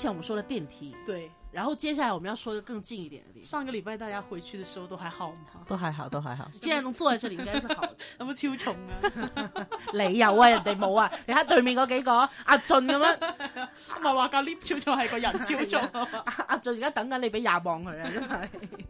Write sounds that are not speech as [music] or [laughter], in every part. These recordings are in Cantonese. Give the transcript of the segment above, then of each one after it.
之前我們說的電梯，對，然後接下來我們要說個更近一點的。上個禮拜大家回去的時候都還好嗎？都還好，都還好。既然能坐在這裏，應該是好的 [laughs] 有冇超重啊？ [laughs] 你有啊，人哋冇啊。你睇對面嗰幾個，阿、啊、俊咁樣，唔 [laughs] 係話個 lift 超重係個人超重。阿俊而家等緊你俾廿磅佢啊， [laughs] 啊啊真係。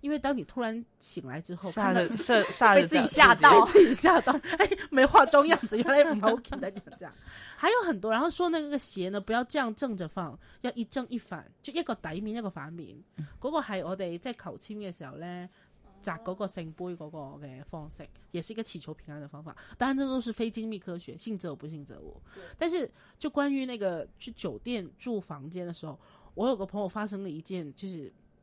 因為當你突然醒來之後， [laughs] 被自己嚇到， [laughs] 自己嚇到、 [laughs] 哎。沒化妝樣子， [laughs] 原來在講 [laughs] 這樣，還有很多。然後說那個鞋呢，不要這樣正着放，要一正一反，就一個底面，一個反面。嗰個係我哋求籤嘅時候呢，擇嗰個聖杯嗰個嘅方式、嗯，也是一個祈求平安的方法。當然，這都是非精密科學，信則有，不信則無。但是，就關於那個去酒店住房間的時候，我有個朋友發生了一件，就是。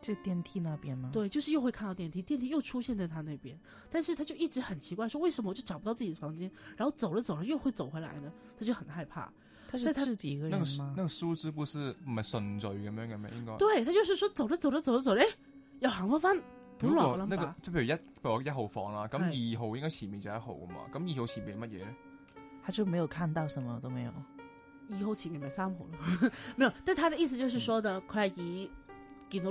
就電梯那邊嗎？對，就是又會看到電梯，電梯又出現在他那邊，但是他就一直很奇怪，說為什麼我就找不到自己的房間，然後走了走了又會走回來呢？他就很害怕。是他自己一個人嗎？那個數字，不是唔係順序咁樣嘅咩？應該對他就是說走的走的走的走的，走着走着走着走着，哎，有行翻，分，唔好啦。那個就譬如一，我一號房啦，啊，咁二號應該前面就一號啊嘛，咁二號前面有乜嘢呢？他就沒有看到什麼都沒有，二號前面咪三號咯， [laughs] 沒有。但他的意思就是說的，佢、嗯、係以見到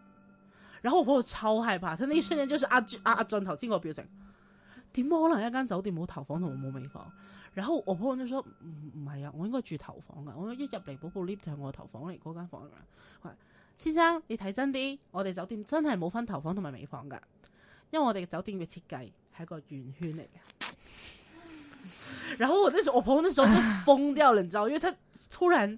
然後我婆婆超害怕，佢呢一瞬間就是阿俊阿阿、 [laughs] 啊啊、俊頭先個表情，點可能一間酒店冇頭房同冇尾房？然後我婆婆就說，唔唔係啊，我應該住頭房噶，我一入嚟補部 lift 就係我頭房嚟嗰間房噶。先生你睇真啲，我哋酒店真係冇分頭房同埋尾房噶，因為我哋嘅酒店嘅設計係一個圓圈嚟嘅。 [laughs] 然後我我婆婆那時候都瘋掉啦，你知因為佢突然。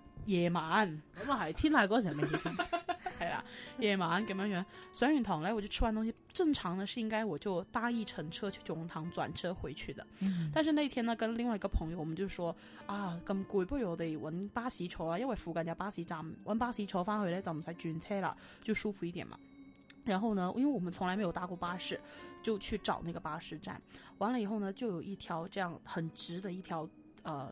夜晚咁啊，係天黑嗰陣未起身，係啦。夜晚咁樣樣，上完堂咧，我就吃完東西。正常呢是應該我就搭一程車去九龍塘轉車回去的。嗯嗯，但是那天呢，跟另外一個朋友，我們就說、嗯、啊，咁攰不如我哋揾巴士坐啊，因為附近有巴士站，揾巴士坐翻回來，就唔使轉車啦，就舒服一點嘛。然後呢，因為我們從來沒有搭過巴士，就去找那個巴士站。完了以後呢，就有一條這樣很直的一條，呃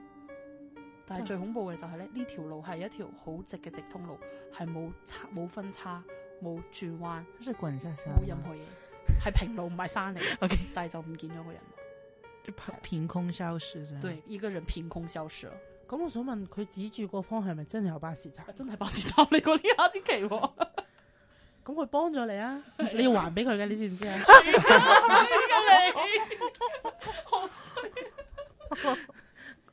但係最恐怖嘅就係咧呢條、嗯、路係一條好直嘅直通路，係冇冇分叉冇轉彎，即係、 [laughs] okay. 個人冇任何嘢，係平路唔係山嚟。但係就唔見咗個人，一憑空消失的。對，一個人憑空消失了。咁我想問佢指住個方向係咪真係有巴士站？真係巴士站？你講啲阿先奇、啊，咁佢幫咗你啊？你要還俾佢嘅，你知唔知 [laughs] [laughs] [laughs] 是 [laughs] [laughs] 壞啊？你，好衰。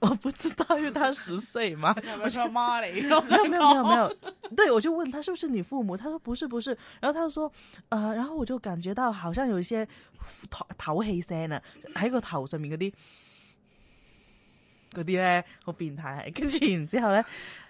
我不知道，因為他十歲嘛。說沒有沒有沒有沒有，沒有沒有 [laughs] 對，我就問他是不是你父母？他說不是不是。然後他就說，呃，然後我就感覺到好像有一些唞唞氣聲呢，喺個頭上面嗰啲，嗰啲咧好變態。跟住然之後咧。 [laughs] [laughs]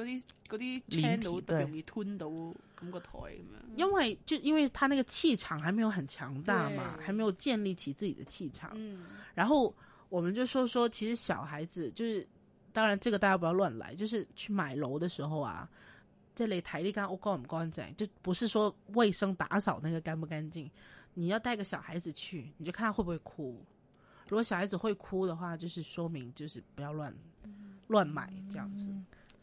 嗰啲嗰啲 channel 容易吞到咁個台咁樣。因為就因為他那個氣場還沒有很強大嘛，還沒有建立起自己的氣場。嗯、然後我們就說說，其實小孩子，就是當然，這個大家不要亂來，就是去買樓的時候啊，這類台地剛我告唔告仔，就不是說衛生打掃那個乾不乾淨，你要帶個小孩子去，你就看他會不會哭。如果小孩子會哭的話，就是說明就是不要亂、嗯、亂買，這樣子。嗯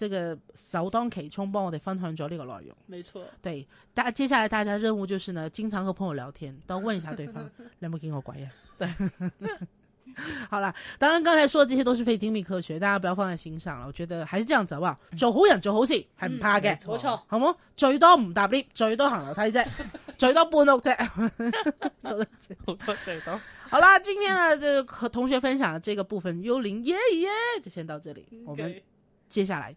這個首當其衝幫我哋分享咗呢個內容。沒錯，對大接下來大家任務就是呢，經常和朋友聊天，都問一下對方， [laughs] 你有冇見過鬼呀？對， [laughs] [laughs] 好啦，當然剛才說的這些都是非精密科學，大家不要放在心上了。我覺得還是這樣走啊，做、嗯、好人做好事後係唔怕嘅。冇、嗯、錯，好冇？最多唔搭 lift，最多行樓梯啫，最多半屋啫，做得最多最多。好啦，今天呢就和同學分享的這個部分，幽靈耶耶，yeah, yeah, 就先到這裏。Okay. 我們接下來。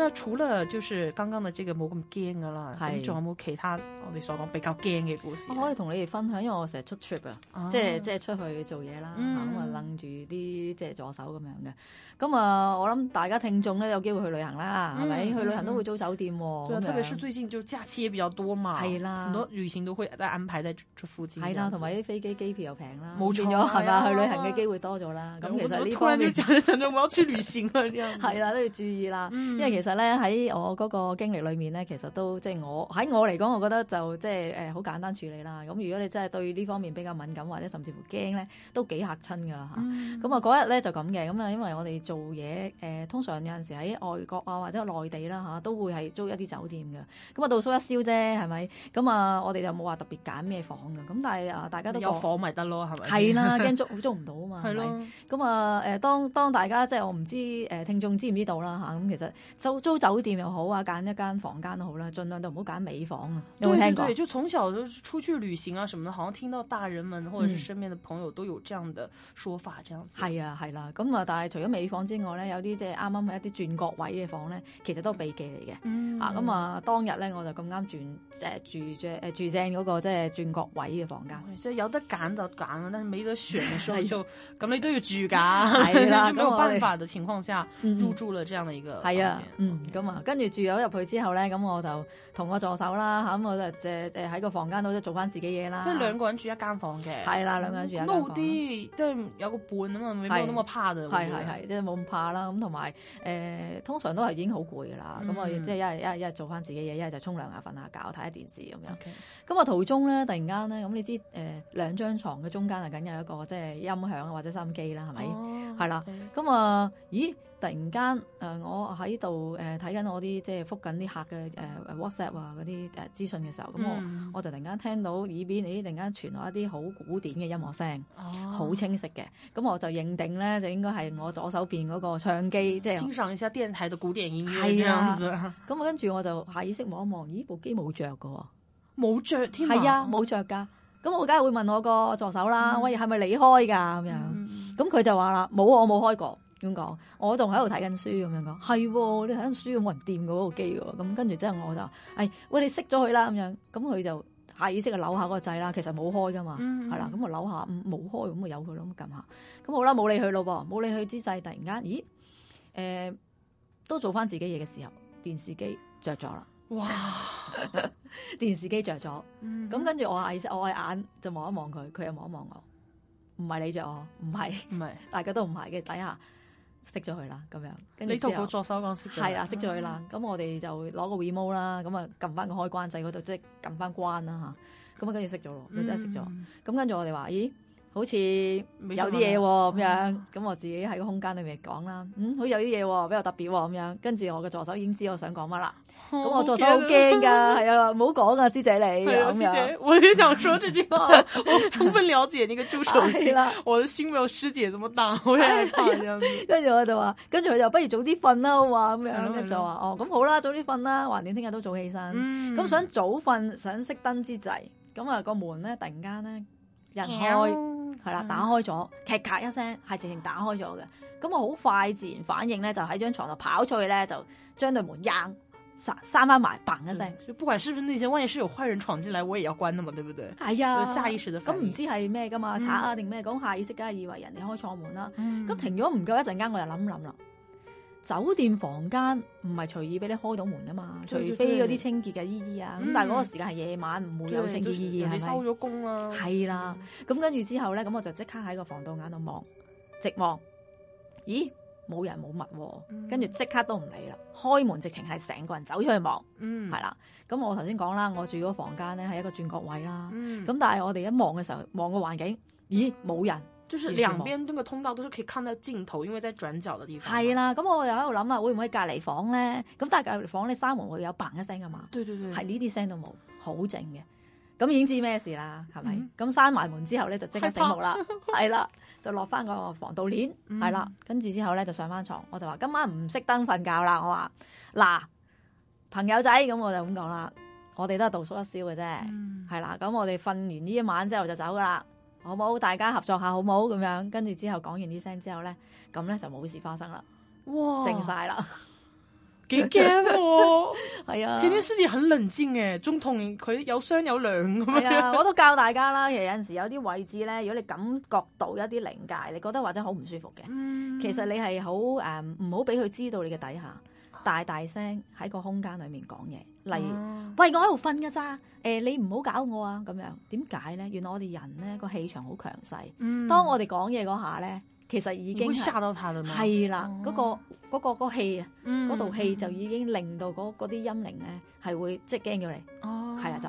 咁啊，除了就是剛剛嘅即個冇咁驚噶啦，咁仲有冇其他我哋所講比較驚嘅故事？我可以同你哋分享，因為我成日出 trip 啊，啊即係即係出去做嘢啦，咁啊楞住啲即係助手咁樣嘅。咁啊，我諗大家聽眾咧有機會去旅行啦，係、嗯、咪？去旅行都會租酒店喎、啊嗯，特別是最近就假期也比較多嘛，係啦，很多旅行都會在安排在出附近。係啦，同埋啲飛機機票又平啦，冇錯係啦、哎，去旅行嘅機會多咗啦。咁其實呢方，突然之間想咗我要去旅行啦、啊， [laughs] 啦，都要注意啦，嗯、因為其實。喺我嗰個經歷裏面咧，其實都即係我喺我嚟講，我覺得就即係誒好簡單處理啦。咁如果你真係對呢方面比較敏感或者甚至乎驚咧，都幾嚇親㗎嚇。咁啊嗰日咧就咁嘅，咁啊因為我哋做嘢誒，通常有陣時喺外國啊或者內地啦嚇，都會係租一啲酒店㗎。咁啊到收一宵啫，係咪？咁啊我哋又冇話特別揀咩房㗎。咁但係啊大家都有房咪得咯，係咪？係啦，驚租租唔到啊嘛。係咯。咁啊誒，當當大家即係我唔知誒聽眾知唔知道啦嚇。咁其實周租酒店又好啊，揀一間房間都好啦，啊，盡量都唔好揀尾房啊。你有冇聽過？對對對，就從小都出去旅行啊，什麼的，好像聽到大人們或者是身邊的朋友都有這樣的說法，這樣係、嗯、啊，係啦。咁啊，但係除咗尾房之外咧，有啲即係啱啱一啲轉角位嘅房咧，其實都係避忌嚟嘅。咁、嗯、啊，當日咧我就咁啱轉誒住正誒住正嗰個即係轉角位嘅房間，即係有得揀就揀啦，但係冇得選嘅時候就咁你 [laughs] 都要住噶，啊，係啦、啊， [laughs] 就沒有辦法的情況下入住了這樣的一個房間。嗯嗯嗯，咁、嗯、啊，跟住住咗入去之後咧，咁我就同我助手啦，吓咁我就即係喺個房間度即係做翻自己嘢啦。即係兩個人住一間房嘅。係、嗯、啦，兩個人住一間房。孬啲，即係、就是、有個伴啊嘛，冇咁怕就。係係係，即係冇咁怕啦。咁同埋誒，通常都係已經好攰噶啦。咁、嗯、啊，即係一係一係一係做翻自己嘢，一係就沖涼啊，瞓下覺，睇下電視咁樣。咁啊，途中咧，突然間咧，咁你知誒、呃，兩張床嘅中間啊，梗有一個即係音響或者收音機啦，係、哦、咪？係啦。咁、嗯、啊，咦？突然間，誒、呃、我喺度誒睇緊我啲即係覆緊啲客嘅誒、呃、WhatsApp 啊嗰啲誒資訊嘅時候，咁、嗯、我我就突然間聽到耳邊，咦，突然間傳來一啲好古典嘅音樂聲，好、啊、清晰嘅，咁我就認定咧就應該係我左手邊嗰個唱機，啊、即係，欣賞一下電台嘅古典音樂，係啊，咁我跟住我就下意識望一望，咦部機冇着嘅喎，冇着添啊，冇着㗎，咁我梗係會問我個助手啦，嗯、喂係咪你開㗎咁樣，咁、嗯、佢就話啦，冇我冇開過。點講，我仲喺度睇緊書咁樣講，係、哦、你睇緊書有冇人掂嗰部機嘅？咁跟住之後我就，誒、哎，喂你熄咗佢啦咁樣，咁佢就，下意識就扭下嗰個掣啦，其實冇開噶嘛，係、嗯、啦，咁我扭下，冇開，咁我由佢咯，咁撳下，咁好啦，冇理佢咯噃，冇理佢之際，突然間，咦，誒、欸，都做翻自己嘢嘅時候，電視機着咗啦，哇， [laughs] 電視機着咗，咁、嗯、跟住我下意識，我嘅眼，就望一望佢，佢又望一望我，唔係你着我，唔係，唔係，大家都唔係嘅，睇下。熄咗佢啦，咁樣，跟住之後，你同助手講熄咗，係啦，熄咗佢啦。咁、嗯、我哋就攞個 remote 啦，咁啊撳翻個開關掣嗰度，即係撳翻關啦吓，咁啊，跟住熄咗咯，就真係熄咗。咁跟住我哋話，咦？好似有啲嘢咁樣，咁、嗯、我自己喺個空間裏面講啦。嗯，嗯好有啲嘢、哦、比較特別咁、哦、樣，跟住我嘅助手已經知我想講乜啦。咁我助手好驚噶，係、嗯、啊，唔好、嗯、講啊，師姐你咁樣。師姐，嗯、我也想說這句話， [laughs] 我充分了解你個助手先啦、 [laughs] 啊。我個心沒有師姐咁樣大，好嘅、 [laughs] 啊對。 [laughs] [laughs] 跟住我就話，跟住佢就，不如早啲瞓啦。好話咁樣，就話哦，咁好啦，早啲瞓啦。橫掂聽日都早起身。咁、嗯嗯、想早瞓，想熄燈之際，咁、那、啊個門咧突然間咧，人開、哦。係啦、嗯，打開咗，咔咔一聲，係直情打開咗嘅。咁我好快自然反應咧，就喺張床度跑出去咧，就將對門掹閂閂翻埋，嘭一聲。就、嗯、不管是不是那些，萬一是有壞人闖進來，我也要關嘛，對不對？係、哎嗯嗯、啊，下意識的。咁唔知係咩噶嘛，賊啊定咩？講下意識梗係以為人哋開錯門啦。咁、嗯、停咗唔夠一陣間，我又諗諗啦。酒店房間唔係隨意俾你開到門噶嘛，除非嗰啲清潔嘅姨姨啊。咁、嗯、但係嗰個時間係夜晚，唔、嗯、會有清潔姨姨係咪？收咗工啦，係啦。係、嗯、啦，咁、嗯、跟住之後咧，咁我就即刻喺個防盜眼度望，直望。咦，冇人冇物喎、啊嗯，跟住即刻都唔理啦。開門直情係成個人走出去望，嗯，係啦。咁我頭先講啦，我住嗰個房間咧係一個轉角位啦。咁、嗯、但係我哋一望嘅時候，望個環境，咦，冇、嗯、人。就是兩邊嗰個通道都是可以看到鏡頭，因為在轉角的地方。係啦，咁我又喺度諗啊，啊會唔會喺隔離房咧？咁但係隔離房你閂門會有砰一聲噶嘛？對對對，係呢啲聲都冇，好靜嘅。咁已經知咩事啦，係、嗯、咪？咁閂埋門之後咧，就即刻醒目啦，係啦、 [laughs] 啊，就落翻個防盜鏈，係啦、嗯啊，跟住之後咧就上翻床。我就話今晚唔熄燈瞓覺啦，我話嗱朋友仔，咁我就咁講啦，我哋都係度縮一宵嘅啫，係、嗯、啦，咁、啊、我哋瞓完呢一晚之後就走噶啦。好冇，大家合作下好冇咁樣，跟住之後講完啲聲之後咧，咁咧就冇事發生啦，哇，靜晒啦，幾驚喎，係啊，天天獅子很冷靜嘅，仲 [laughs] 同佢有商有量。咁樣，我都教大家啦，有陣時有啲位置咧，如果你感覺到一啲靈界，你覺得或者好唔舒服嘅、嗯，其實你係好誒，唔好俾佢知道你嘅底下，大大聲喺個空間裏面講嘢。例如，oh. 喂，我喺度瞓㗎咋，誒，你唔好搞我啊！咁樣點解咧？原來我哋人咧個氣場好強勢，mm. 當我哋講嘢嗰下咧，其實已經係殺到佢哋嘛，係啦，嗰、oh. 個嗰、個嗰氣啊，嗰、氣，嗰 mm-hmm. 道氣就已經令到嗰啲陰靈咧係會即係驚咗你，係、oh. 啦就。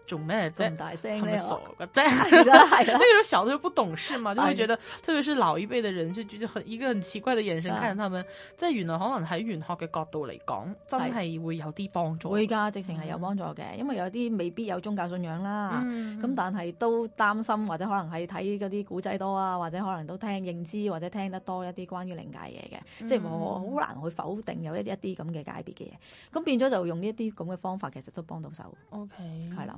做咩？咁大聲嘅傻噶！啫，係，係 [laughs] 啦。 [laughs] 那個時候小的時候不懂事嘛，就會覺得，特別是老一輩的人，就就就很一個很奇怪的眼神的看着他們。即係原來可能喺玄學嘅角度嚟講，真係會有啲幫助。會噶，直情係有幫助嘅、嗯，因為有啲未必有宗教信仰啦，咁、嗯、但係都擔心或者可能係睇嗰啲古仔多啊，或者可能都聽認知或者聽得多一啲關於靈界嘢嘅、嗯，即係我好難去否定有一一啲咁嘅解別嘅嘢。咁變咗就用呢一啲咁嘅方法，其實都幫到手。O K，係啦。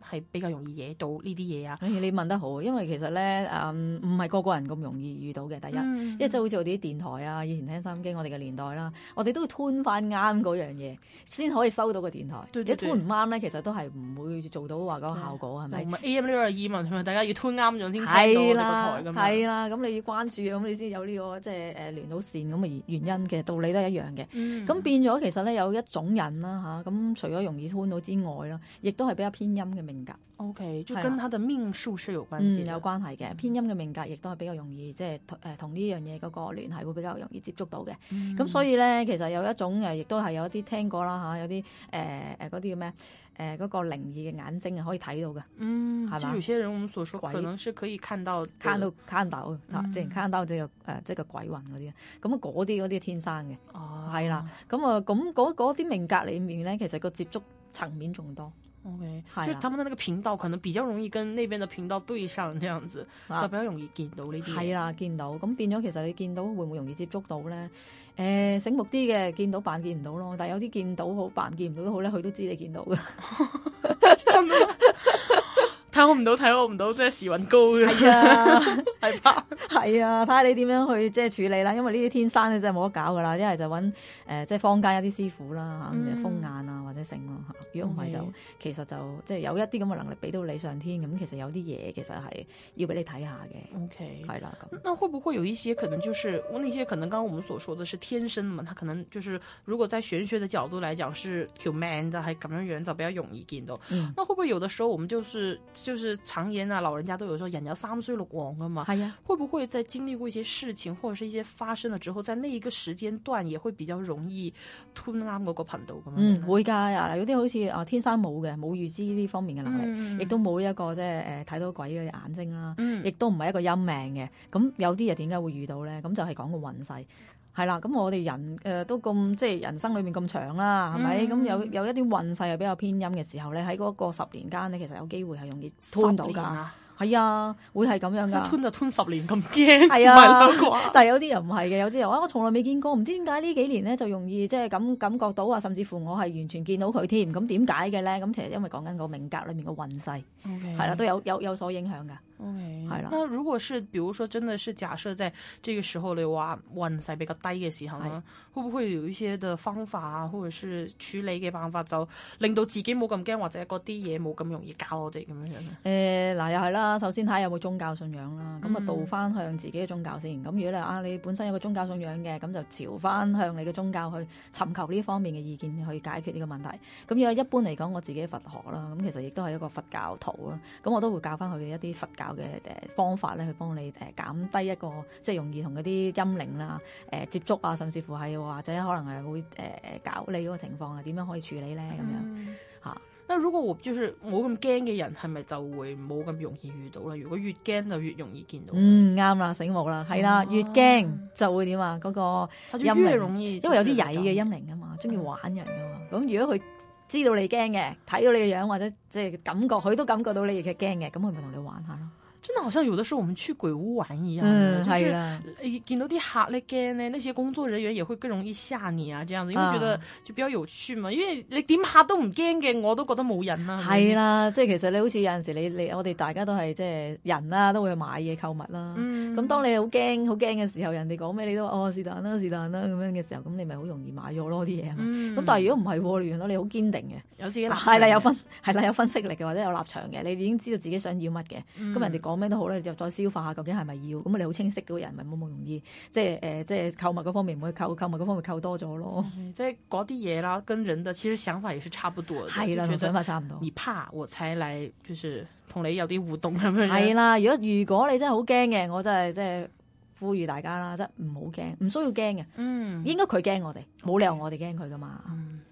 係比較容易惹到呢啲嘢啊，嗯！你問得好，因為其實咧誒唔係個個人咁容易遇到嘅。第一，嗯，因為即係好似我哋啲電台啊，以前聽收音機，我哋嘅年代啦，我哋都要吞翻啱嗰樣嘢先可以收到個電台。一揹唔啱咧，其實都係唔會做到話嗰個效果係咪，啊？AM 呢個係語大家要吞啱咗先聽到呢個台係啦，咁你要關注咁你先有呢、呢個即係誒連到線咁嘅原因嘅道理都係一樣嘅。咁，嗯，變咗其實咧有一種人啦吓，咁，啊，除咗容易揹到之外啦，亦都係比較偏音嘅。命格 OK，就跟他的命數是有關係的、啊嗯，有關係嘅。偏陰嘅命格，亦都係比較容易，即係誒同呢樣嘢嗰個聯繫，會比較容易接觸到嘅。咁、嗯、所以咧，其實有一種誒，亦、呃、都係有一啲聽過啦吓，有啲誒誒嗰啲叫咩？誒、呃、嗰、呃那個靈異嘅眼睛啊，可以睇到嘅。嗯，係啦。有些人我們所說，可能是可以看到看到看到，即係看到即係誒，即係、嗯就是就是呃就是、鬼魂嗰啲。咁啊，嗰啲嗰啲天生嘅。哦，係啦。咁啊，咁嗰啲命格裏面咧，其實個接觸層面仲多。O K，即係他們的那個頻道可能比較容易跟那邊的頻道對上，這樣子，啊、就比較容易見到呢啲。係啦，見到咁變咗，其實你見到會唔會容易接觸到咧？誒、呃，醒目啲嘅見到扮見唔到咯，但係有啲見到好扮見唔到都好咧，佢都知你見到嘅。 [laughs] [laughs] [laughs] 睇我唔到，睇我唔到，即係時運高嘅。係啊，係啊，睇下你點樣去即係處理啦。因為呢啲天生嘅真係冇得搞噶啦，一係就揾、呃、即係坊間一啲師傅啦嚇、嗯，風眼啊或者成咯嚇。如果唔係就、okay. 其實就即係有一啲咁嘅能力俾到你上天咁，其實有啲嘢其實係要俾你睇下嘅。OK，係啦。咁，那會不會有一些可能就是，那些可能剛剛我們所說嘅，是天生嘛，他可能就是如果在玄學嘅角度嚟講是條命，就 a 係咁樣樣就比較容易見到、嗯。那會不會有的時候我們就是？就是常言啊，老人家都有說人有三衰六旺啊嘛。係呀、啊，會不會在經歷過一些事情或者是一些發生了之後，在那一個時間段也會比較容易吞啱嗰個頻道咁樣、嗯？會噶，嗱，有啲好似啊天生冇嘅，冇預知呢方面嘅能力，亦都冇一個即係誒睇到鬼嘅眼睛啦，亦都唔係一個陰命嘅。咁有啲人點解會遇到咧？咁就係講個運勢。係啦，咁我哋人誒、呃、都咁即係人生裏面咁長啦，係咪？咁、嗯、有有一啲運勢又比較偏陰嘅時候咧，喺嗰個十年間咧，其實有機會係容易吞到㗎。係啊，會係咁樣㗎。吞就吞十年咁驚，唔係兩卦。但係有啲人唔係嘅，有啲人啊，我從來未見過，唔知點解呢幾年咧就容易即係感感覺到啊，甚至乎我係完全見到佢添。咁點解嘅咧？咁其實因為講緊個命格裏面個運勢，係、okay. 啦，都有有有所影響㗎。係、okay, 啦。如果是，比如說，真的是假設在這個時候你話，運勢比較低嘅時候啦，會唔會有一些嘅方法啊，或者說處理嘅辦法，就令到自己冇咁驚，或者嗰啲嘢，冇咁容易搞我哋咁樣樣誒，嗱、呃，又係啦。首先睇下有冇宗教信仰啦。咁、嗯、啊，導翻向自己嘅宗教先。咁如果你啊，你本身有個宗教信仰嘅，咁就朝翻向你嘅宗教去尋求呢方面嘅意見去解決呢個問題。咁如果一般嚟講，我自己佛學啦，咁其實亦都係一個佛教徒啦。咁我都會教翻佢嘅一啲佛教徒，嘅方法咧，去幫你誒減低一個即係容易同嗰啲陰靈啦誒、呃、接觸啊，甚至乎係或者可能係會誒搞你嗰個情況啊，點樣可以處理咧咁樣嚇、嗯啊？但如果我唔冇咁驚嘅人，係咪就會冇咁容易遇到咧？如果越驚就越容易見到。嗯，啱啦，醒目啦，係啦，越驚就會點啊？嗰、嗰個陰靈容易，因為有啲曳嘅陰靈啊嘛，中意玩人噶嘛。咁、嗯、如果佢知道你驚嘅，睇到你嘅樣或者即係感覺，佢都感覺到你亦係驚嘅，咁佢咪同你玩下咯。真的好像，有的時候我們去鬼屋玩一樣的、嗯，就是，是見到啲客驚呢那些工作人員也會更容易嚇你啊，這樣子、啊，因為覺得就比較有趣嘛，因為你點嚇都唔驚嘅，我都覺得冇癮啦。係啦，即係其實你好似有陣時候你你，你我哋大家都係即係人啊都會買嘢購物啦。咁、嗯、當你好驚好驚嘅時候，人哋講咩你都話哦是但啦是但啦咁樣嘅時候，咁你咪好容易買咗咯啲嘢係咪？咁、嗯、但係如果唔係，你原來你好堅定嘅，有自己係啦有分係啦有分析力或者有立場嘅，你已經知道自己想要乜嘅，咁、嗯、人哋講。講咩都好咧，你就再消化下究竟係咪要咁。你好清晰嘅人，咪冇咁容易，即係誒、呃，即係購物嗰方面唔會購，購物嗰方面購多咗咯。即係嗰啲嘢啦，跟人嘅其實想法也是差不多。係啦，同想法差唔多。你怕我才來，就是同你有啲互動咁樣。係啦，如果如果你真係好驚嘅，我真係即係呼籲大家啦，即係唔好驚，唔需要驚嘅。嗯，應該佢驚我哋，冇、okay，理由我哋驚佢噶嘛。嗯